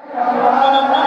Subhanallah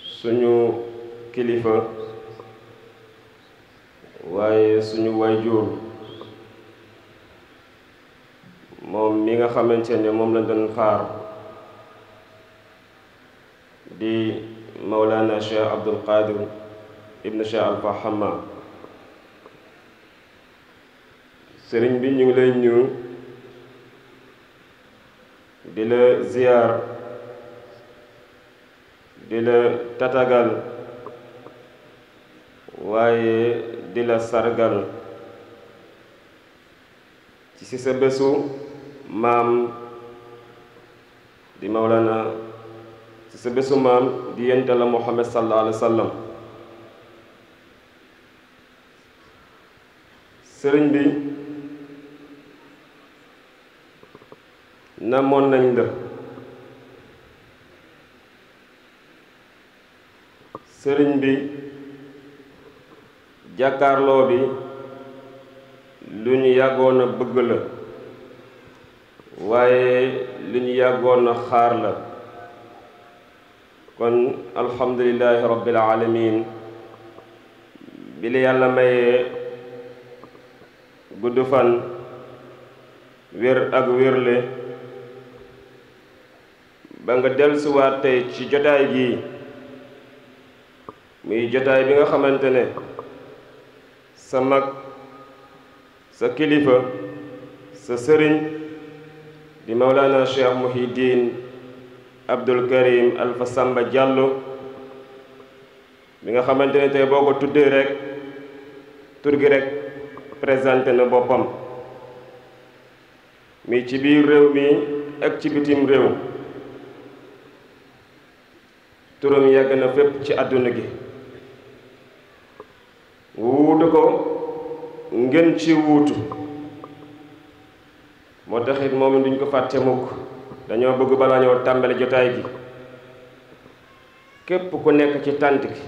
suñu kilifa waaye suñu waajur moom mi nga xamante ne moom lañ doon xaar di Mawlana Cheikh Abdul ibn Cheikh Alfa Hamma sëriñ bi ñu ngi lay ñëw di la ziyaar di la tatagal waaye di la sargal ci sa bésu maam di mawlana ci sa bésu maam di yente la muhammad sallallahu alayhi sëriñ bi namoon nañ la sëriñ bi jàkkaarloo bi lu ñu yàggoon a bëgg la waaye lu ñu yàggoon na xaar la kon alhamdulillahi rabbil alamin bi la yàlla mayee gudd fan wér ak wérle ba nga dellusiwaat tey ci jotaay gii muy jotaay bi nga xamante ne sa mag sa kilifa sa sëriñ di Mawlana Cheikh Mouhidine Abdul Karim Alfa Samba Diallo bi nga xamante ne te boo ko tuddee rekk tur gi rekk présenté na boppam mi ci biir réew mi ak ci bitim réew turam yàgg na fépp ci àdduna gi ngeen ci wuutu moo taxit moom it ko fàtte mukk dañoo bëgg balaa ñoo tàmbali jotaay gi képp ku nekk ci tànt gi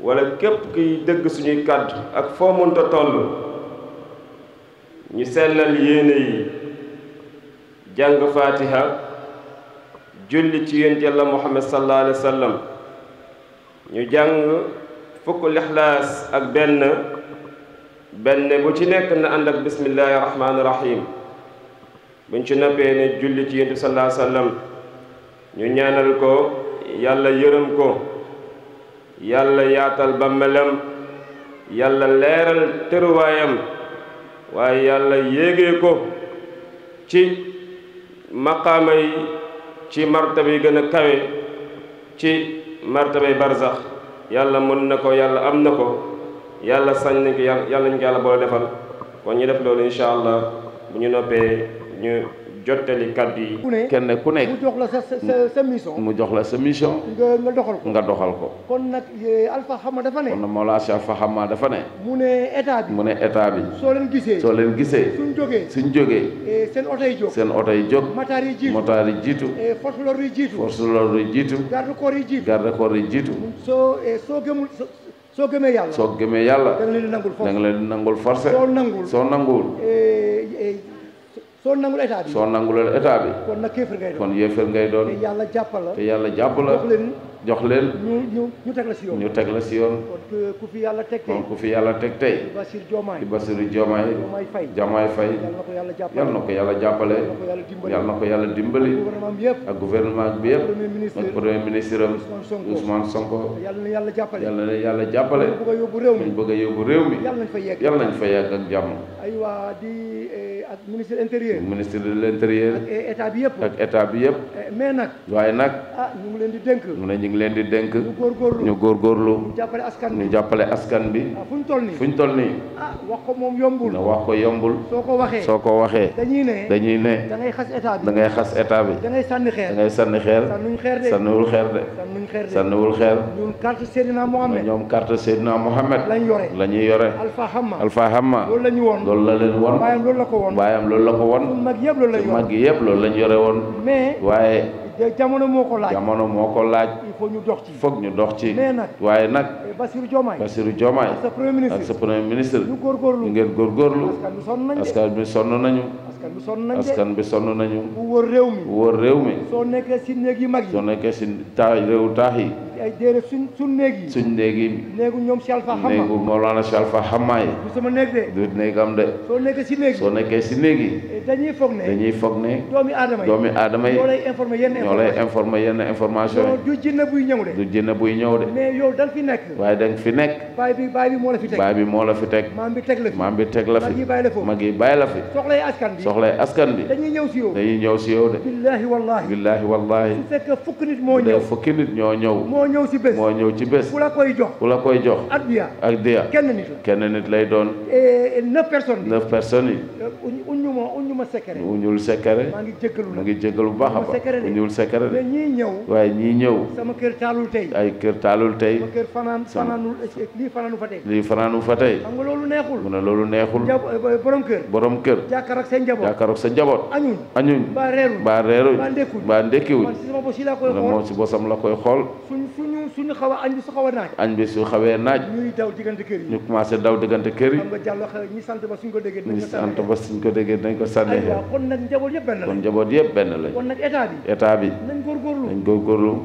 wala képp kiy dëgg suñuy kàddu ak foo mënta ñu sellal yéene yi jàng faatiha julli ci yéen Yàlla Muhammad sallallahu alayhi wa sallam ñu jàng fukk lixlaas ak benn benn bu ci nekk na ànd ak bismillahi rahmaani rahim buñ ci noppee ne julli ci yonent bi sallallahu ñu ñaanal ko yàlla yërëm ko yàlla yaatal bàmmeelam yàlla leeral tëruwaayam waaye yàlla yéege ko ci maqaama yi ci martaba yi gën a kawe ci martabay barzax yàlla mën na ko yàlla am na ko yàlla sañ nañ ko yàlla nañ ko yàlla defal kon ñu def loolu incha allah bu ñu noppee ñu jottali kàddu yi. kenn ku nekk mu jox la sa mission. mu jox la sa mission. nga doxal ko nga doxal ko. kon nag Alpha Xama dafa ne. kon Mawla Cheikh Xama dafa ne. mu ne état bi mu ne état bi. soo leen gisee soo leen gisee. suñ jógee suñ jógee. E, seen oto yi jóg seen oto yi jóg. yi jiitu motaar yi jiitu. E, force l'ordre yi jiitu. force l'ordre yi jiitu. garde corps yi jiitu. garde corps jiitu. soo e, soo gëmul. soo gëmee yàlla soo gëmee yàlla. da leen di nangul force da nga leen nangul force. soo nangul soo nanguwul. Eh, eh, soo nangul état soo nangulul état bi. kon nag kéefër ngay doon kon yéefër ngay doon. te yàlla jàpp la te yàlla jàpp la. jox leen. ñu ñu teg la si yoon ñu teg la si yoon. kon ku fi yàlla teg tey kon ku fi yàlla teg tey. di Bassirou Diomaye di Bassirou yal na ko yàlla jàppale yal na ko yàlla dimbali. ak gouvernement bi yëpp. ak premier ministre am yàlla jàppale yal yàlla jàppale. ñu bëgg a yóbbu réew mi a fa yegg yal fa yegg ak jàmm. aywa di eh, ak ministre intérieur. ministre de l' eh, bi yëpp. ak état bi yëpp. Eh, mais nag. waaye nag. ah ñu ngi ngi leen di dénk ñu góorgóorlu ñu jàppale askan bi ah, fu ñu toll nii ah, wax ko moom na wax ko yombul soo ko waxee dañuy ne da ngay xas état bi da ngay sànni xeer sànniwul xeer de sànniwul xeer ñoom carte Seydina Mohamed la ñuy yore alfa hamma loolu la leen won baayam loolu la ko won mag yëpp loolu lañ yore woon waaye jamono moo ko laaj jamono moo ko laaj foog ñu dox ci foog ñu dox ci waaye nag eh, Bassirou Diomaye Bassirou Diomaye ak sa premier ministre ñu góorgóorlu ngeen góorgóorlu askan bi sonn nañu askan bi sonn nañu wóor réew mi wóor réew mi soo nekkee si néeg yu mag yi soo nekkee si taax taax yi ay déedéet suñ suñ ñoom si alfa xama néegu Mawlana si alfa xama yi. du sama si néeg yi eh, foog ne dañuy foog yenn information ñoo buy ñëw de. du jinne buy ñëw de. nekk. waaye da fi nekk. baay bi moo la fi teg. baay bi moo teg. maam bi teg la fi maam bi teg la fi. mag yi bàyyi la fi mag yi askan bi dañuy ñëw si yow dañuy ñëw si yow de. billaahi wallaahi billaahi wallaahi. su fekkee fukki nit ñoo ñëw ñëw ci bés moo ñëw ci bés. ku la koy jox ku la koy jox. ak diya ak diya. kenn lay doon. Eh, eh, neuf personnes yi neuf eh, personnes yi. uñu ma uñu ma sekere. uñul sekere. maa ngi jégalu maa baax a baax. uñul sekere de ñii ñëw. waaye ñii ñëw. sama kër taalul tey. ay kër taalul tey. fanaan fanaanul lii fanaanu fa tey. lii fanaanu fa tey. xam nga loolu neexul. mu ne borom kër. borom kër. jàkkaarloog sa njaboot sa njaboot. añuñ añuñ. mbaa reeruñ mbaa ndekkiwuñ. mbaa ndekkiwuñ. moom si bosam la koy xool suñu xaw su xaw a añ bi su xawee naaj ñuy daw diggante kër yi ñu commencé daw diggante kër yi xam nga jàllo xel ñi sant ba suñ ko déggee ñi sant ba ko déggee dañ ko sànnee kon njaboot yëpp benn la kon njaboot yëpp benn lañ kon nag bi état bi nañ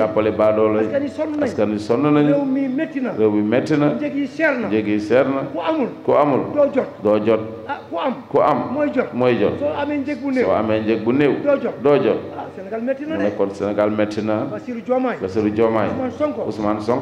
jàppale baadoo lañ jàppale sonn nañ réew mi métti na réew mi métti na njëg yi seer na njëg yi seer na ku amul ku amul doo jot doo jot ah, am ku am mooy jot soo amee njëg bu néew soo bu néew doo jot doo jot Sénégal métti na de kon Sénégal métti na Bassirou Diomaye Bassirou Diomaye Ousmane Sonko Ousmane Sonko